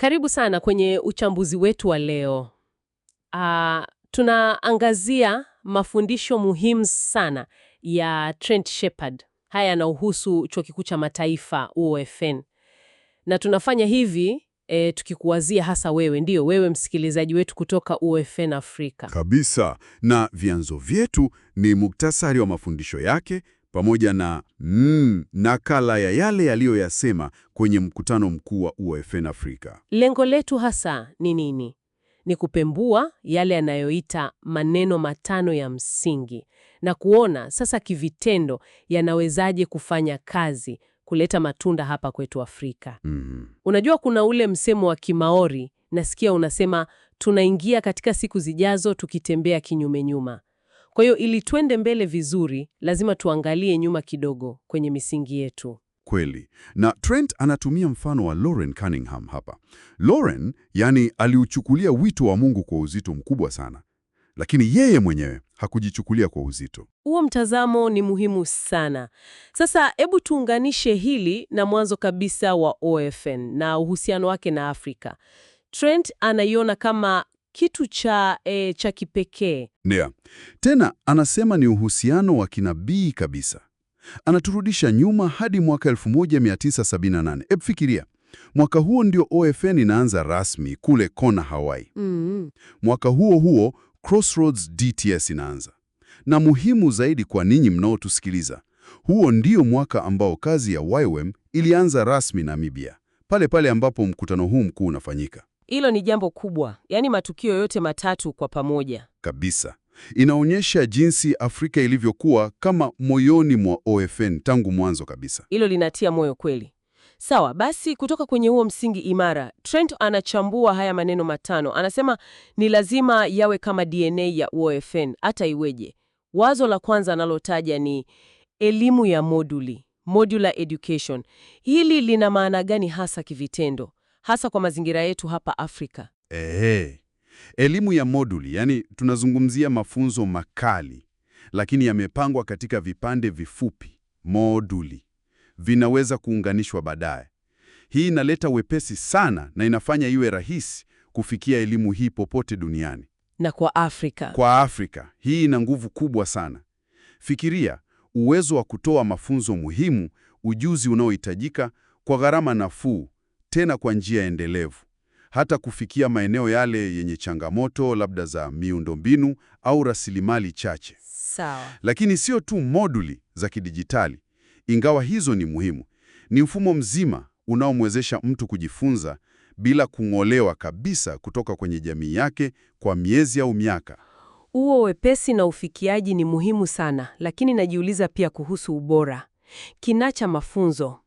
Karibu sana kwenye uchambuzi wetu wa leo. Uh, tunaangazia mafundisho muhimu sana ya Trent Shepard. Haya yanahusu Chuo Kikuu cha Mataifa UOFN, na tunafanya hivi E, tukikuwazia hasa wewe, ndio wewe msikilizaji wetu kutoka UOFN Afrika kabisa. Na vyanzo vyetu ni muktasari wa mafundisho yake pamoja na mm, nakala ya yale yaliyoyasema kwenye mkutano mkuu wa UFN Afrika. Lengo letu hasa ni nini? Ni kupembua yale yanayoita maneno matano ya msingi na kuona sasa kivitendo yanawezaje kufanya kazi kuleta matunda hapa kwetu Afrika. Mm. Unajua kuna ule msemo wa Kimaori nasikia unasema tunaingia katika siku zijazo tukitembea kinyume nyuma. Kwa hiyo ili twende mbele vizuri, lazima tuangalie nyuma kidogo kwenye misingi yetu. Kweli. Na Trent anatumia mfano wa Lauren Cunningham hapa. Lauren, yani, aliuchukulia wito wa Mungu kwa uzito mkubwa sana, lakini yeye mwenyewe hakujichukulia kwa uzito. Huo mtazamo ni muhimu sana. Sasa hebu tuunganishe hili na mwanzo kabisa wa OFN na uhusiano wake na Afrika. Trent anaiona kama kitu cha, e, cha kipekee. Ndio. Tena anasema ni uhusiano wa kinabii kabisa. Anaturudisha nyuma hadi mwaka 1978. Hebu fikiria. Mwaka huo ndio OFN inaanza rasmi kule Kona, Hawaii. Mm -hmm. Mwaka huo huo Crossroads DTS inaanza. Na muhimu zaidi kwa ninyi mnaotusikiliza, huo ndio mwaka ambao kazi ya YWAM ilianza rasmi Namibia, pale pale ambapo mkutano huu mkuu unafanyika. Hilo ni jambo kubwa, yaani matukio yote matatu kwa pamoja kabisa. Inaonyesha jinsi Afrika ilivyokuwa kama moyoni mwa OFN tangu mwanzo kabisa. Hilo linatia moyo kweli. Sawa, basi kutoka kwenye huo msingi imara, Trent anachambua haya maneno matano. Anasema ni lazima yawe kama DNA ya OFN hata iweje. Wazo la kwanza analotaja ni elimu ya moduli, modular education. Hili lina maana gani hasa kivitendo? hasa kwa mazingira yetu hapa Afrika. Ehe, elimu ya moduli, yani tunazungumzia mafunzo makali, lakini yamepangwa katika vipande vifupi, moduli vinaweza kuunganishwa baadaye. Hii inaleta wepesi sana na inafanya iwe rahisi kufikia elimu hii popote duniani na kwa Afrika. Kwa Afrika hii ina nguvu kubwa sana. Fikiria uwezo wa kutoa mafunzo muhimu, ujuzi unaohitajika kwa gharama nafuu tena kwa njia endelevu, hata kufikia maeneo yale yenye changamoto labda za miundombinu au rasilimali chache. Sawa. Lakini sio tu moduli za kidijitali, ingawa hizo ni muhimu. Ni mfumo mzima unaomwezesha mtu kujifunza bila kung'olewa kabisa kutoka kwenye jamii yake kwa miezi au miaka. Huo wepesi na ufikiaji ni muhimu sana, lakini najiuliza pia kuhusu ubora. kinacha mafunzo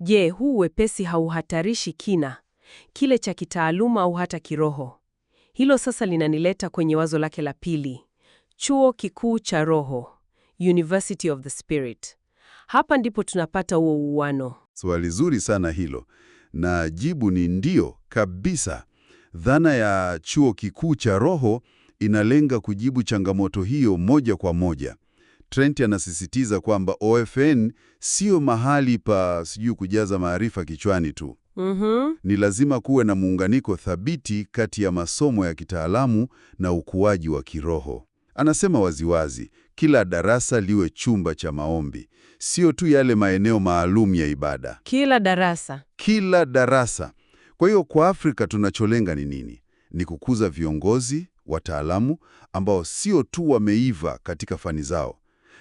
Je, huu wepesi hauhatarishi kina kile cha kitaaluma au hata kiroho? Hilo sasa linanileta kwenye wazo lake la pili, chuo kikuu cha roho, University of the Spirit. Hapa ndipo tunapata huo uwano. Swali zuri sana hilo, na jibu ni ndio kabisa. Dhana ya chuo kikuu cha roho inalenga kujibu changamoto hiyo moja kwa moja. Trent anasisitiza kwamba OFN sio mahali pa sijui kujaza maarifa kichwani tu. Mm -hmm. Ni lazima kuwe na muunganiko thabiti kati ya masomo ya kitaalamu na ukuaji wa kiroho. Anasema waziwazi, kila darasa liwe chumba cha maombi, sio tu yale maeneo maalum ya ibada. Kila darasa, kila darasa. Kwa hiyo kwa Afrika tunacholenga ni nini? Ni kukuza viongozi wataalamu ambao sio tu wameiva katika fani zao,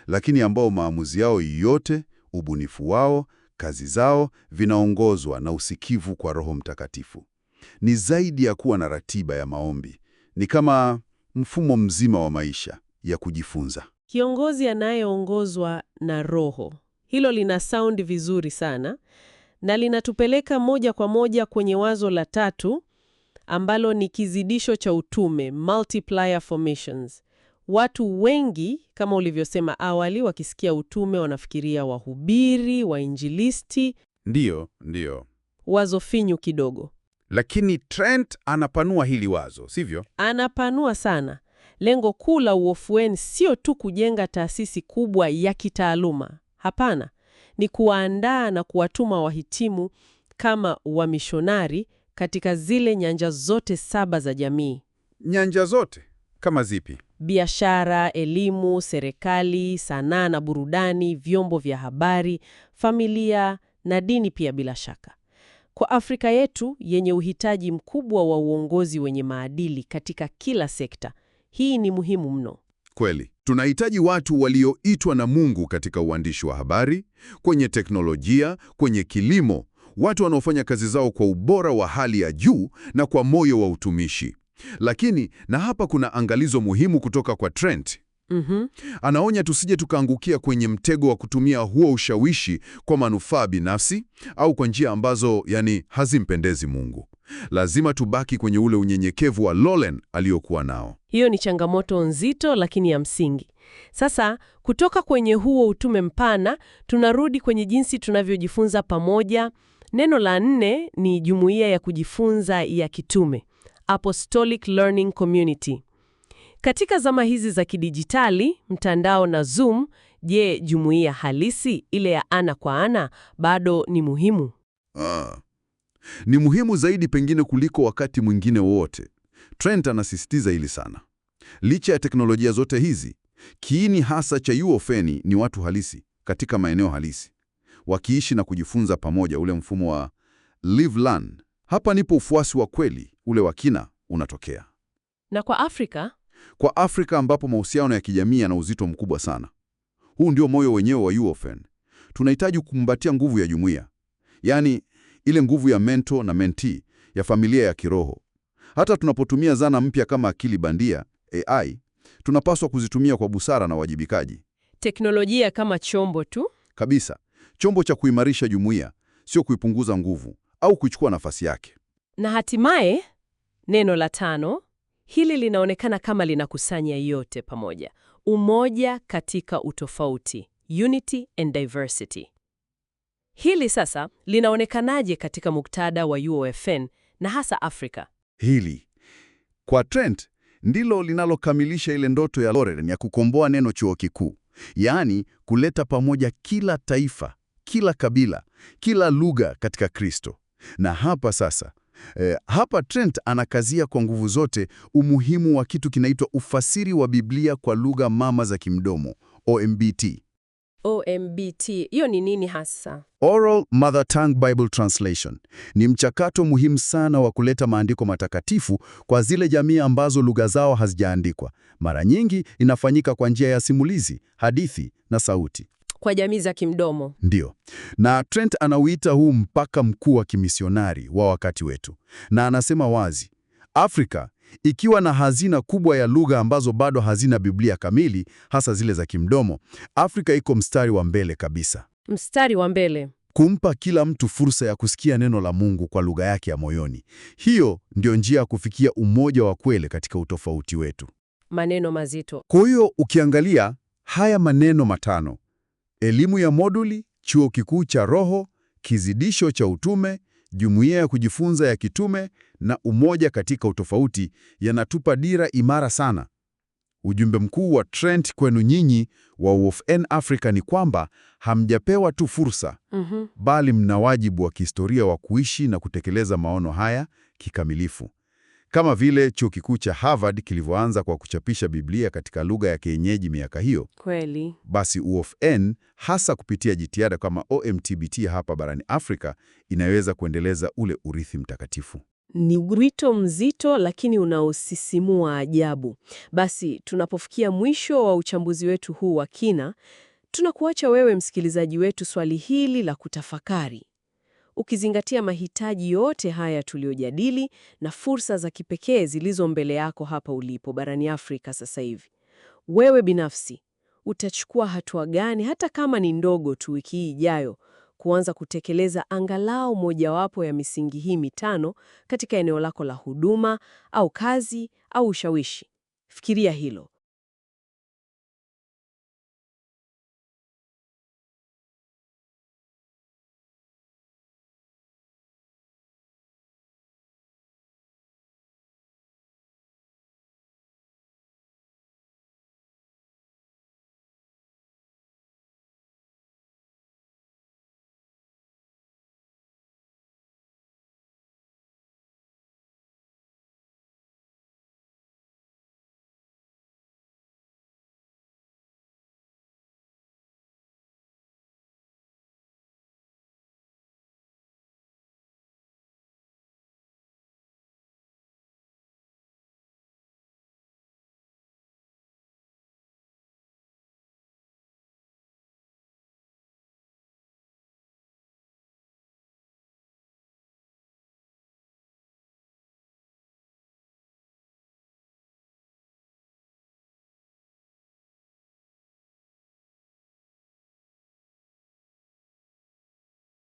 lakini ambao maamuzi yao yote, ubunifu wao, kazi zao vinaongozwa na usikivu kwa Roho Mtakatifu. Ni zaidi ya kuwa na ratiba ya maombi, ni kama mfumo mzima wa maisha ya kujifunza. Kiongozi anayeongozwa na Roho, hilo lina saundi vizuri sana na linatupeleka moja kwa moja kwenye wazo la tatu ambalo ni kizidisho cha utume, multiplier formations. Watu wengi kama ulivyosema awali, wakisikia utume wanafikiria wahubiri, wainjilisti. Ndiyo, ndiyo, wazo finyu kidogo, lakini Trent anapanua hili wazo, sivyo? Anapanua sana. Lengo kuu la UOFUEN sio tu kujenga taasisi kubwa ya kitaaluma, hapana, ni kuwaandaa na kuwatuma wahitimu kama wamishonari katika zile nyanja zote saba za jamii. Nyanja zote? Kama zipi? Biashara, elimu, serikali, sanaa na burudani, vyombo vya habari, familia na dini pia bila shaka. Kwa Afrika yetu yenye uhitaji mkubwa wa uongozi wenye maadili katika kila sekta, hii ni muhimu mno. Kweli, tunahitaji watu walioitwa na Mungu katika uandishi wa habari, kwenye teknolojia, kwenye kilimo, watu wanaofanya kazi zao kwa ubora wa hali ya juu na kwa moyo wa utumishi. Lakini na hapa kuna angalizo muhimu kutoka kwa Trent. Mm -hmm. Anaonya tusije tukaangukia kwenye mtego wa kutumia huo ushawishi kwa manufaa binafsi au kwa njia ambazo yani hazimpendezi Mungu. Lazima tubaki kwenye ule unyenyekevu wa Lolen aliyokuwa nao. Hiyo ni changamoto nzito lakini ya msingi. Sasa kutoka kwenye huo utume mpana tunarudi kwenye jinsi tunavyojifunza pamoja. Neno la nne ni jumuiya ya kujifunza ya kitume Apostolic Learning Community. Katika zama hizi za kidijitali, mtandao na Zoom, je, jumuiya halisi ile ya ana kwa ana bado ni muhimu? Ah, ni muhimu zaidi pengine kuliko wakati mwingine wowote. Trent anasisitiza hili sana. Licha ya teknolojia zote hizi, kiini hasa cha UOFEN ni watu halisi katika maeneo halisi, wakiishi na kujifunza pamoja, ule mfumo wa live learn. Hapa nipo ufuasi wa kweli ule wa kina unatokea. Na kwa Afrika? Kwa Afrika ambapo mahusiano ya kijamii yana uzito mkubwa sana. Huu ndio moyo wenyewe wa UOFN. Tunahitaji kukumbatia nguvu ya jumuiya, yaani ile nguvu ya mento na mentee, ya familia ya kiroho. Hata tunapotumia zana mpya kama akili bandia AI, tunapaswa kuzitumia kwa busara na wajibikaji. Teknolojia kama chombo tu kabisa, chombo cha kuimarisha jumuiya, sio kuipunguza nguvu au kuchukua nafasi yake. Na hatimaye Neno la tano hili linaonekana kama linakusanya yote pamoja: umoja katika utofauti, unity and diversity. Hili sasa linaonekanaje katika muktada wa UOFN na hasa Afrika? Hili kwa Trent ndilo linalokamilisha ile ndoto ya loren ya kukomboa neno chuo kikuu, yaani kuleta pamoja kila taifa, kila kabila, kila lugha katika Kristo. Na hapa sasa E, hapa Trent anakazia kwa nguvu zote umuhimu wa kitu kinaitwa ufasiri wa Biblia kwa lugha mama za kimdomo, OMBT. OMBT, hiyo ni nini hasa? Oral Mother Tongue Bible Translation. Ni mchakato muhimu sana wa kuleta maandiko matakatifu kwa zile jamii ambazo lugha zao hazijaandikwa. Mara nyingi inafanyika kwa njia ya simulizi, hadithi na sauti kwa jamii za kimdomo. Ndio, na Trent anauita huu mpaka mkuu wa kimisionari wa wakati wetu, na anasema wazi, Afrika ikiwa na hazina kubwa ya lugha ambazo bado hazina Biblia kamili, hasa zile za kimdomo, Afrika iko mstari wa mbele kabisa, mstari wa mbele kumpa kila mtu fursa ya kusikia neno la Mungu kwa lugha yake ya moyoni. Hiyo ndio njia ya kufikia umoja wa kweli katika utofauti wetu. Maneno mazito. Kwa hiyo ukiangalia haya maneno matano elimu ya moduli, chuo kikuu cha roho, kizidisho cha utume, jumuiya ya kujifunza ya kitume na umoja katika utofauti yanatupa dira imara sana. Ujumbe mkuu wa Trent kwenu nyinyi wa WOFN Africa ni kwamba hamjapewa tu fursa mm -hmm. bali mna wajibu wa kihistoria wa kuishi na kutekeleza maono haya kikamilifu kama vile chuo kikuu cha Harvard kilivyoanza kwa kuchapisha Biblia katika lugha ya kienyeji miaka hiyo. Kweli. Basi U of N hasa kupitia jitihada kama OMTBT hapa barani Afrika inaweza kuendeleza ule urithi mtakatifu. Ni wito mzito lakini unaosisimua ajabu. Basi tunapofikia mwisho wa uchambuzi wetu huu wa kina, tunakuacha wewe msikilizaji wetu swali hili la kutafakari ukizingatia mahitaji yote haya tuliyojadili na fursa za kipekee zilizo mbele yako hapa ulipo barani Afrika sasa hivi. Wewe binafsi utachukua hatua gani, hata kama ni ndogo tu, wiki hii ijayo kuanza kutekeleza angalau mojawapo ya misingi hii mitano katika eneo lako la huduma au kazi au ushawishi? Fikiria hilo.